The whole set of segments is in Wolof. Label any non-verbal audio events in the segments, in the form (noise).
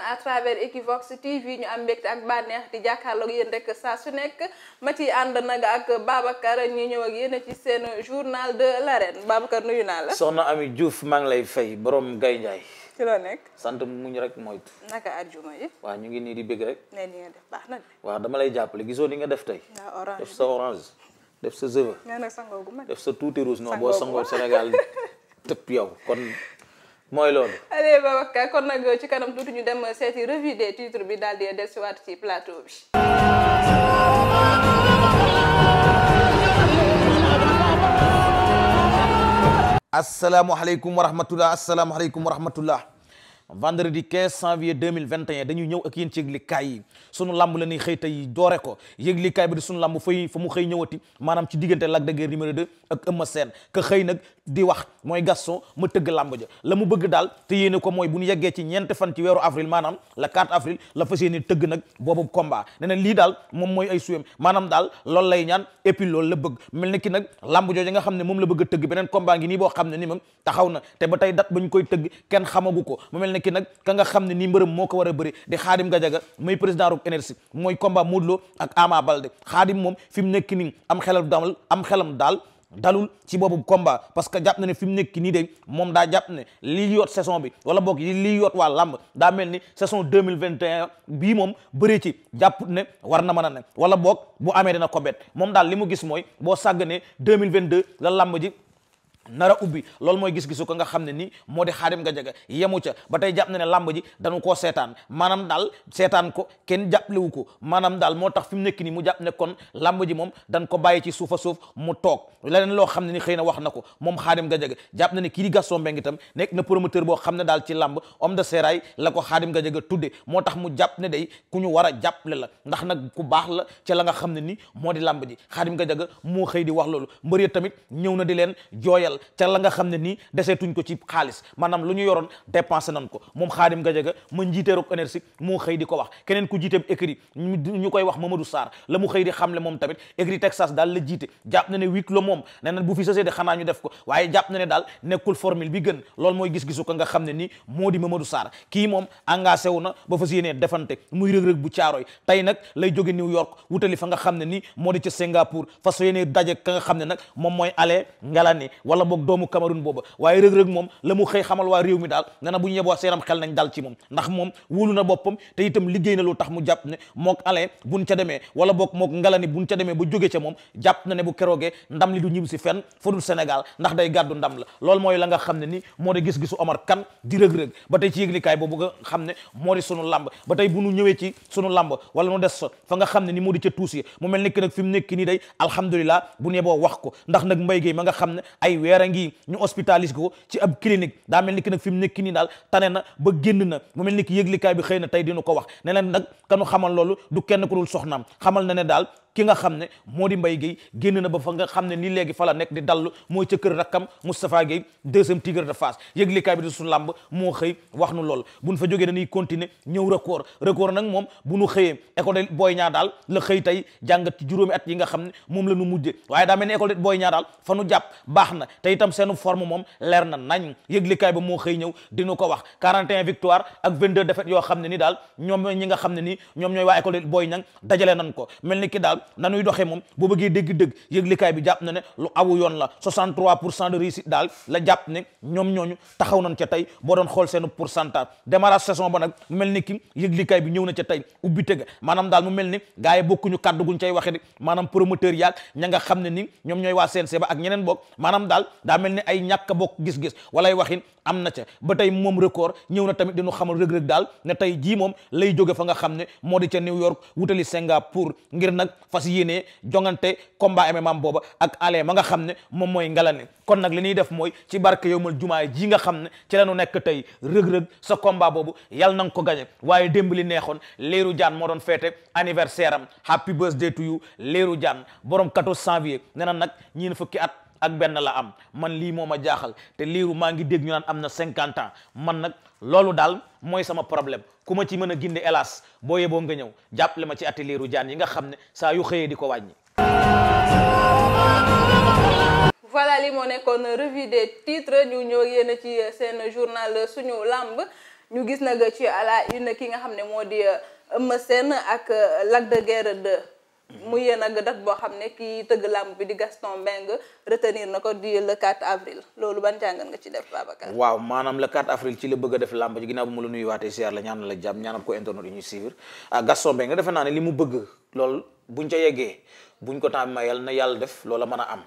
seetaan à travers Equivox TV ñu am mbégte ak bànneex di jàkkaarloog yéen rek saa su nekk ma ciy ànd nag ak Babacar ñi ñëw ak yéen ci seen journal de l'arène Babacar nuyu naa la. soxna Ami Diouf maa ngi lay fay borom Gaye Ndiaye. ci loo nekk sant muñ rek moytu. naka àjjuma yi. waaw ñu ngi nii di bëgg rek. nee na. waaw dama lay jàppale gisoo ni nga def tey. orange def sa orange. def sa zëva. nee na sangoo ma def sa tuuti rouge non boo sangoo Sénégal (laughs) tëpp yow kon. mooy loolu. allez Babacar kon nag ci kanam tuuti ñu dem seeti revue des titres bi daal di dellusiwaat ci plateau bi. asalaamualeykum wa rahmatulah asalaamualeykum wa rahmatulah. vendredi 15 janvier 2021 dañuy ñëw ak yéen ci yëglikaay yi sunu lamb la ñuy xëy tey doore ko yëglikaay bi di sunu lamb fay fa mu xëy ñëwati maanaam ci diggante Lac de Guiers numéro ak Eumeu Sène ka xëy nag di wax mooy Gaston ma tëgg lamb la mu bëgg daal te yéene ko mooy bu ñu yeggee ci ñeenti fan ci weeru avril maanaam le 4 avril la fas yéene tëgg nag boobu combat ne lii daal moom mooy ay suyam maanaam daal loolu lay ñaan et puis loolu la bëgg mel ni ki nag lamb jooju nga xam ne moom la bëgg a tëgg beneen combat ngi nii ba tey date ba ñu koy tëgg kenn xamagu ko kenn ki nag ka nga xam ne nii mbërëm moo ko war a bëri di xaadim gajaga muy président roog énergie mooy combat Modou Lo ak Ama Baldé xaadim moom fi mu nekk nii am xelam damal am xelam daal dalul ci boobu combat parce que jàpp na ne fi mu nekk nii de moom daa jàpp ne lii yoot saison bi wala boog lii yoot waa làmb daa mel ni saison deux mille vingt et un bii moom bëree ci jàpp ne war na mën a ne wala boog boo amee dina ko bet moom daal li mu gis mooy boo sàgganee deux mille vingt deux la làmb ji nara ubbi loolu mooy gis-gisu ko nga xam ne ni moo di xaarim nga jege yemu ca ba tey jàpp na ne làmb ji dañu koo seetaan maanaam daal seetaan ko kenn jàppalewu ko maanaam daal moo tax fi mu nekk nii mu jàpp ne kon làmb ji moom dañ ko bàyyi ci suufa suuf mu toog leneen loo xam ne ni xëy na wax na ko moom xaarim nga jege jàpp na ne kii di Gaston Mbengue nekk na promoteur boo xam ne daal ci làmb homme de sérail la ko xaarim nga jege tudde moo tax mu jàpp ne day ku ñu war a jàppale la ndax nag ku baax la ca la nga xam ne ni moo di làmb ji xaarim nga jege moo xëy di wax loolu mbër tamit ñëw na di leen jooyal ca la nga xam ne nii deseetuñ ko ci xaalis maanaam lu ñu yoroon dépensé nañ ko moom Khadim Gadiaga ma njiite Rock Énergie moo xëy di ko wax keneen ku jiite écurie ñu koy wax ma ma la mu la jiite jàpp na ne huis clos moom nee na bu fi sasee de xanaa ko waaye jàpp na ne daal nekkul formule bi gën loolu mooy gis-gisu ko nga xam ne nii moo di Mamadou Sarr kii moom engagé wu na ba fas yéenee defante muy rëg-rëg bu caaroy tey nag lay jóge New York wutali fa nga xam ne nii moo di ca Singapour fas yéenee daje ka nga xam ne nag moom mooy ale boog doomu Cameroun booba waaye rëg-rëg moom la mu xëy xamal waa réew mi daal ne na bu ñu yeboo seenam xel nañ dal ci moom ndax moom wóolu na boppam te itam liggéey na lu tax mu jàpp ne mook alain buñ ca ba jóge ca moom bu la loolu la nga xam ne ni moo di gis-gisu Omar Kane di rëg-rëg ba tey ci yëglikaay boobu nga nu ñëwee ci sunu lamb wala nu des fa nga xam ne ni moo di ca tuus yi mu mel nekk nag fi mu nii day alhamdulilah bu ñu wax ko ndax nag mbay gi ma nga xam ne ay weer a ngi ñu hospitalisé ko ci ab clinique daa mel ni ki nag fi mu nekk nii daal tane na ba génn na mu mel ni ki yëglikaay bi xëy na tey dina ko wax ne leen nag kanu xamal loolu du kenn ku dul soxnaam xamal na ne daal ki nga xam ne moo di Mbaye Guèye génn na ba fa nga xam ne nii léegi fa la nekk di dallu mooy ca kër rakkam Moustapha Guèye deuxième tigre de Fass yëglikaay bi di su làmb moo xëy wax nu loolu buñ fa jógee dañuy continuer ñëw record record nag moom bu nu xëyee école booy ñaa daal la xëy tey jàngat ci at yi nga xam ne moom la nu mujje waaye daa mel ni école booy ñaa daal fa nu jàpp baax na te itam seenu form moom leer na nañ yëglikaay ba moo xëy ñëw dinu ko wax 41 victoire ak 22 défaites yoo xam ne ni daal ñoom ñi nga xam ne nii ñoom ñooy waa école booy ñang dajale nañ ko mel ni ki daal nanuy doxee moom boo bëggee dégg-dégg bi jàpp na ne lu awu yoon la 63 pour cent de daal la jàpp ne ñoom ñooñu taxaw nañ ca tey boo doon xool seenu pourcentage demara saison ba nag mel ni ki yëglikaay bi ñëw na ca tey ubbi tëgg maanaam daal mu mel ni gars yi bokkuñu kàddu guñ cay waxe de maanaam promoteur yaag ña nga xam ne ni ñoom ñooy waa CNC ak ñeneen bokk maanaam daal daa mel ni ay ñàkk bokk gis-gis walay waxin am na ca ba tey moom record ñëw na tamit dinu xamal rëg-rëg daal ne tey jii moom lay joge fa nga xam ne moo di ca New York wutali Singapour ngir nag fas yéenee jongante combat MMA booba ak ale ma nga xam ne moom mooy ngalane kon nag li ñuy def mooy ci barke yow mal jumaa ji nga xam ne ci la nekk tey rëg-rëg sa combat boobu yàlla na ko gañe waaye démb li neexoon Leeru Jaan moo doon feete anniversaire am happy birthday to Leeru Jaan borom 14 janvier nee nag ñiin fukki at ak benn la am man lii moo ma jaaxal te liiru maa ngi dégg ñu naan am na cinquante ans man nag loolu daal mooy sama problème ku ma ci mën a ginde hélas boo yeboo nga ñëw jàppale ma ci ati liiru jaan yi nga xam ne saa yu xëyee di ko wàññi voilà li moo nekkoon revue titre titres ñu ñëw yéen ci seen journal suñu làmb ñu gis nag ci à la une ki nga xam ne moo di Eumeu Sène ak Lac de Guiers 2 mu yéen ak date boo xam ne kii tëgg làmb bi di Gaston Mbengue retenir na ko di le 4 avril loolu ban jàngat nga ci def Babacar waaw maanaam la 4 avril ci la bëgg a def làmb ji ginnaaw bu mu la nuyuwaatee siyaar la ñaanal la jàmm ñaanal ko internet yi ñuy suivre ah Gaston ne defe naa ne li mu bëgg loolu buñ ca yeggee buñ ko temps bi ma na yàlla def loola mën a am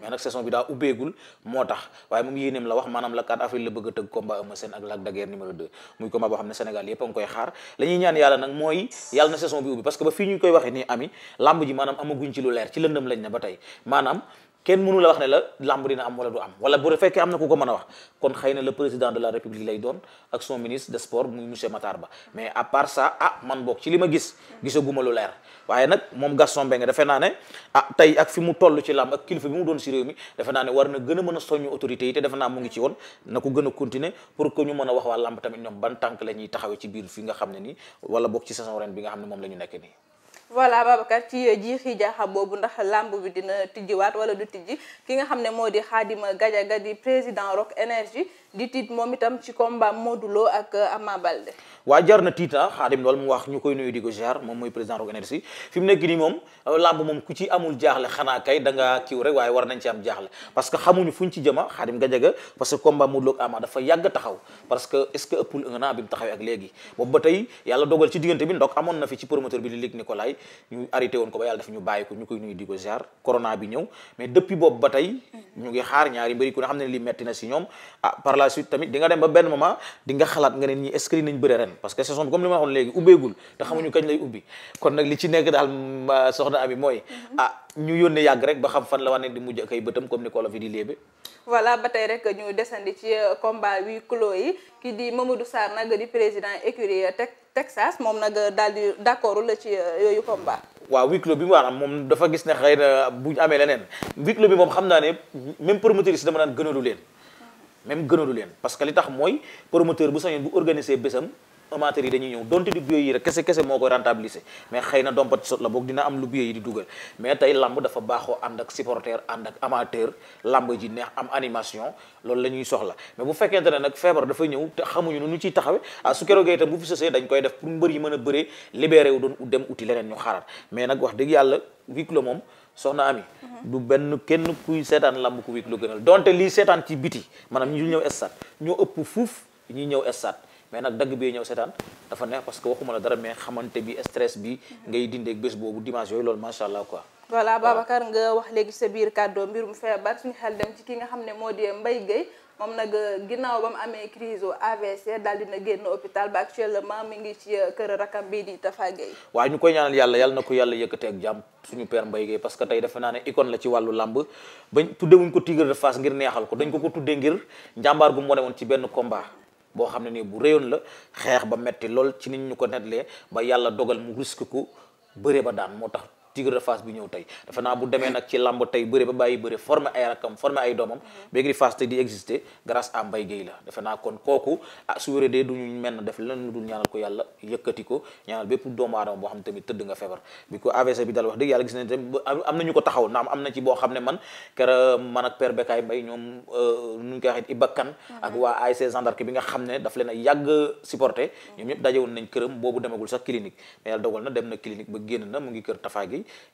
mais nag saison bi daa ubbeegul moo tax waaye moom yéeneem la wax maanaam la 4 avril la bëgg a tëgg combat Eumeu Sène ak Lac de Guiers numéro 2 muy combat boo xam ne Sénégal yépp a ngi koy xaar la ñaan yàlla nag mooy yàlla na saison bi ubbi parce que ba fii ñu koy waxee ni ami lamb ji maanaam amaguñ ci lu leer ci lëndëm lañ ne ba tey maanaam kenn mënula wax ne la làmb dina am wala du am wala bu fekkee am na ku ko mën a wax kon xëy na le président de la république lay doon ak son ministre des sports muy monsieur Matar Ba mais à part ça ah man boog ci li ma gis gisaguma lu leer waaye nag moom Gaston Mbengue defe naa ne ah tey ak fi mu toll ci làmb ak kilifa bi mu doon si réew mi defe naa ne war na gën a mën a soññ autorités yi te defe naa mu ngi ci woon na ko gën a continuer pour que ñu mën a wax waa taxawee ci biir fi nga xam ne nii wala boog ci saison ren bi moom la ñu nekk voilà Babacar ci jiixi jaaxa boobu ndax lamb bi dina tijjiwaat wala du tijji ki nga xam ne moo di Xaadima Gajaga di président Rock Énergie di tiit moom itam ci combat Modou Lo ak euh, Ama Balde ah, ko jaar moom mooy président moom euh, làmb moom ku ci amul jaaxle xanaa kay da nga kiiw rek waaye war nañ ci am jaaxle parce que ci jëma ah, Xaadim Gajaga parce que combat Modou dafa yàgg taxaw parce que est ce que ëppul un an bi mu taxawee ak léegi boobu tey yàlla dogal ci diggante bi ndok amoon na fi ci promoteur bi di Luc Nicolaï xale ñu arrêté woon ko ba yàlla def ñu bàyyi ko ñu koy nuyu di ko ziar corona bi ñëw mais depuis boobu ba tey ñu ngi xaar ñaari mbëri ku ne xam ne li metti na si ñoom ah par la suite tamit di dem ba benn moment di nga xalaat nga ne ñi est-ce nañ bëre ren parce que saison bi comme li ma waxoon léegi ubbeegul te xamuñu kañ lay ubbi kon nag li ci nekk daal soxna abi mooy ah ñu yónnee yàgg rek ba xam fan la wane di mujj ak ay bëtam comme ni ko la fi di léebe voilà ba tey rek ñu desandi ci euh, combat huis clos yi ki di Mamadou Sarr nag di président écurie euh, Tex Texas moom nag euh, daal di d'accord la ci yooyu combat. waaw huis clos bi maanaam moom dafa gis ne xëy na bu amee leneen huis clos bi moom xam naa ne même promoteur yi si dama naan gënalu leen. même gënalu leen parce que li tax mooy promoteur bu sañoon bu organiser bésam. amateurs yi dañuy ñëw donte di billets yi rek kese kese moo koy rentabiliser mais xëy na dompat sot la boog dina am lu billets yi di dugal mais tey lamb dafa baaxoo ànd ak supporter ànd ak amateur lamb ji neex am animation loolu la ñuy soxla mais bu fekkente ne nag feebar dafa ñëw te xamuñu nu ñu ciy taxawe ah su keroogee itam bu fi see dañ koy def pour mbër yi mën a bëree libéré wu doon dem uti leneen ñu xaaraat mais nag wax dëgg yàlla huis clos moom soxna ami mhm. du benn kenn kuy seetaan lamb ku huis clos gënal donte lii seetaan ci biti maanaam ñu ñëw stade ñoo ëpp fuuf ñi ñëw stade mais nag dagg bi ñëw seetaan dafa neex parce que waxuma la dara mais xamante bi stress bi ngay dindeeg bés boobu dimanche yooyu loolu macha allah quoi. voilà Babacar nga wax léegi sa biir kàddoo mbirum feebar suñu xel dem ci ki nga xam ne moo di Mbaye Guèye moom nag ginnaaw ba mu amee criso AVC daal dina génn hôpital ba actuellement mi ngi ci euh, kër rakam bii di Tafa Gueye waa ñu koy ñaanal yàlla yàlla na ko yàlla yëkkatee ak jàmm suñu per Mbaye Gueye parce que tey defe naa ne icône la ci wàllu làmb bañ ko Tigre de Fass neexal ko dañ ko ko tuddee ngir njàmbaar gu mu woon ci benn combat boo xam ne nii bu réyoon la xeex ba metti lool ci nit ñu ko netlee ba yàlla dogal mu risque ko bëre ba daan moo tax Tigre de Fass bi ñëw tey dafa naa bu demee nag ci làmb tey bëre ba bàyyi bëre former ay rakkam former ay doomam mhm. ba Tigre de Fass tey di exister grâce à Mbaye Guèye la dafa naa kon kooku ah su wéradee duñu mel na def leneen lu dul ñaanal ko yàlla yëkkati ko ñaanal bépp doomu aadama boo xam bi ko AVC ne man kera man ak père Bekaay Mbaye ñoom euh, nuñ koy waxee Ibakkan mhm. ak waa ASC gendarme bi nga xam ne daf leen a yàgg supporté mhm. ñoom ñëpp dajewoon nañ këram boobu demagul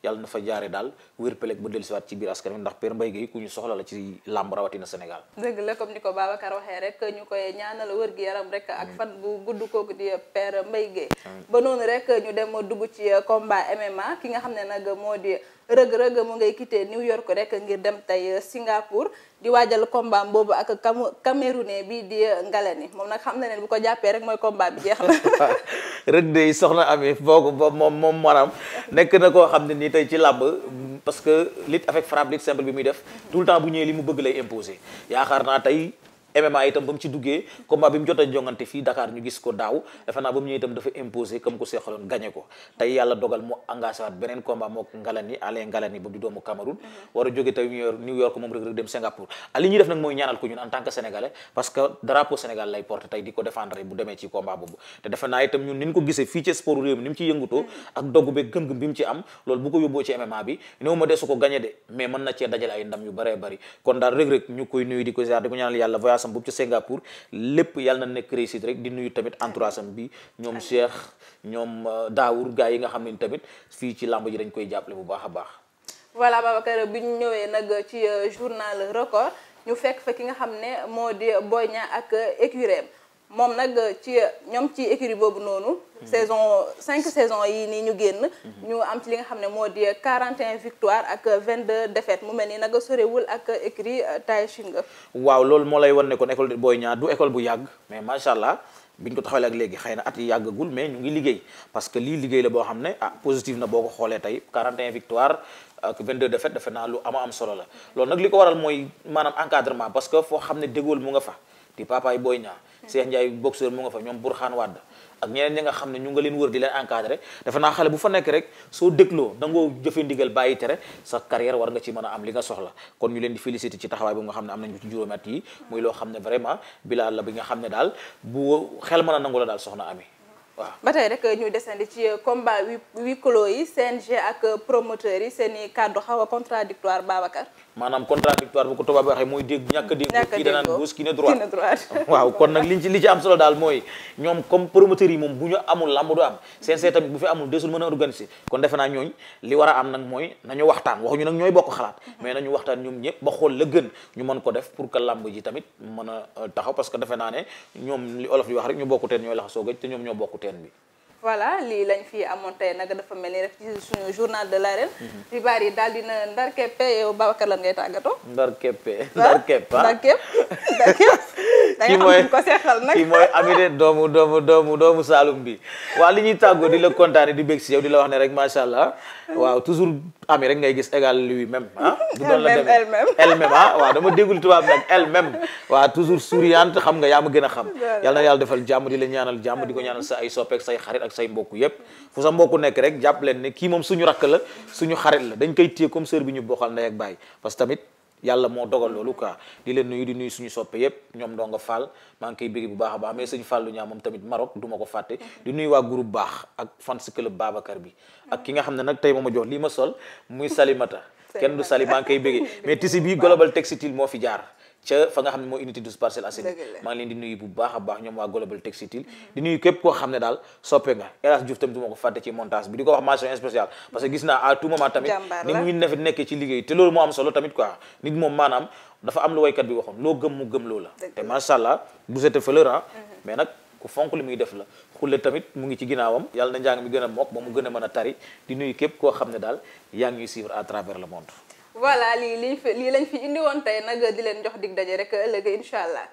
yàlla na fa jaare daal wér peleg ba dellusiwaat ci biir askan wi ndax Père Mbaye Gueye ku ñu soxla la ci làmb rawatina Sénégal dëgg la ni ko Babacar waxee rek ñu koy ñaanal wér gi yaram rek ak mm. fan bu gudd kooku di Père Mbaye Gueye mm. ba noonu rek ñu dem dugg ci combat MMA ki nga xam ne nag moo di rëg-rëg mu ngay quitté New York rek ngir dem tey Singapour di waajal combat boobu ak kamu camerounais bi di Ngalani moom nag xam na ne bu ko jàppee rek mooy combat bi jeex na. (laughs) rëdd yi soxna Ami boobu moom moom maanaam nekk na koo xam ne nii tey ci làmb parce que lutte avec frappe lutte simple bi muy def tout le temps bu ñëwee li mu bëgg lay imposé yaakaar naa tey. MMA itam ba mu ci duggee combat bi mu jot a jongante fii Dakar ñu gis ko daaw defe ba mu ñëw itam dafa imposé comme ko seexaloon gagné ko tey yàlla dogal mu engagé waat beneen combat moo Ngalani Alain mhm. a jóge tey New ah, di ko défendre bu demee ci combat boobu te defe naa itam ko gisee fii ci sport réew ni mu ci yëngutoo mhm. ak dogg beeg gëm-gëm bi mu ci am loolu bu ko yóbboo ci MMA bi néew ma desu ko gagné de mais mën na cee dajale ay ndam yu bëree bëri kon daal place am boobu ca Singapour lépp yàlla na nekk réussite rek di nuyu tamit entourage am bi ñoom Cheikh ñoom euh, Daawur gars yi nga xam ne tamit fii ci làmb ji dañ koy jàppale bu baax a baax. voilà Babacar bi ñu ñëwee nag ci euh, journal record ñu fekk fekk ki nga xam ne moo di Boy Niang ak écurie moom nag ci ñoom ci écurie boobu noonu. Mhm. saison cinq saison yi nii ñu génn. Mhm. ñu am ci li nga xam ne moo di 41 victoire ak 22 défaites mu mel nii nag sorewul ak écurie Tay Shinger. waaw loolu moo lay wan ne kon école Boy Niang du école bu yàgg mais macha allah. biñ ko taxawalee ak léegi xëy na at yi yàggagul mais ñu ngi liggéey parce que lii liggéey la boo xam ne ah positif na boo ko xoolee tey 41 victoire ak 22 défaites defe naa lu ama am solo la loolu nag li ko waral mooy maanaam parce que foo xam ne dégool mu nga fa di papaay Boy Niang Cheikh Ndiaye boxeur mu nga fa ñoom Bourkhane Wade ak ñeneen ñi nga xam ne ñu nga leen wër di leen encadré dafa naa xale bu fa nekk rek soo dégloo dangoo jëfe ndigal bàyyi tere sa carrière war nga ci mën a am li nga soxla kon ñu leen di félicité ci taxawaay bu nga xam ne am na ko ci juróomi at muy loo xam ne vraiment bilaal la bi nga xam ne daal bu xel mën a nangu la daal soxna ami waaw ba tey rek ñu desandi ci euh, combat huis clos yi CNG ak euh, promoteurs yi seen i a contradictoire Babacar maanaam contradictoire bu ko a dégg kii danaan gauche kii ne droite (laughs) waaw kon nag li ci am solo daal mooy ñoom comme promoteurs yi moom bu ñu amul làmb du am CNG tamit bu fi amul desul mën a organiser kon defe naa ñooñ li war a am nag mooy nañu waxtaan waxuñu nag ñooy bokk xalaat mm-hmm. mais nañu waxtaan ñoom ñëpp ba xool la gën ñu mën ko def pour que làmb tamit mën a euh, taxaw parce que defe naa ne ñoom li olof di wax rek ñu bokkuteen ñooy laxasoo gëj te ñoom ñoo bokkuteen bi voilà lii lañ fi amoon tey nag dafa mel ni rek ci suñu journal de l'arène mhm. xibaar yi daal na ndar keppe yow Babacar lan ngay tàggatoo ndar keppe ah. ndar kepp ndar kepp ndar kepp amire doomu doomu doomu doomu Saalum bi waaw li ñuy tàggoo di la kontaane di bég si yow di la wax ne rek macha allah (laughs) waaw toujours femmes yi rek ngay gis égal lui même ah (laughs) du doon (laughs) ah, dama déggul tubaab nag elle toujours souriante xam nga yaa ma gën a xam yal na yàlla defal jàmm di la ñaanal jàmm di ko ñaanal sa ay soppeek say xarit ak say mbokk yépp fu sa mbokk nekk rek jàpp leen ne kii moom suñu rakk la suñu xarit la dañ koy téye comme sœur ñu bokkal ndey ak baay parce tamit yàlla moo dogal loolu quoi di leen nuyu di nuyu suñu soppe yépp ñoom doo nga Fall maa ngi koy bëgg bu baax a baax mais sëñ Fallu ñaa moom tamit Maroc du ko fàtte di nuyu waa groupe baax ak fans club Babacar bi ak ki nga xam ne nag tey ma ma jox lii ma sol muy (laughs) Salimata kenn du Sali maa ngi koy bëgg (laughs) mais tisi bii Global Textile moo fi jaar ca fa nga xam ne mooy unité 12 Parcelles Assainies maa ngi di nuyu bu baax a baax ñoom waa Global Textile di nuyu képp koo xam ne daal soppe nga El Hadj tamit am solo tamit quoi nit moom maanaam dafa am lu waykat bi waxoon loo gëm mu gëm loo la te macha allah vous êtes mais nag ku fonk li muy def la xulle tamit mu ngi ci ginnaawam yàlla na njàng mi gën a mokk ba mu gën a mën a tari di nuyu képp koo xam ne daal yaa ngi suivre à travers le monde voilà lii liñ fi lii lañ fi indi woon tey nag di leen jox dig daje rek ëllëg incha allah.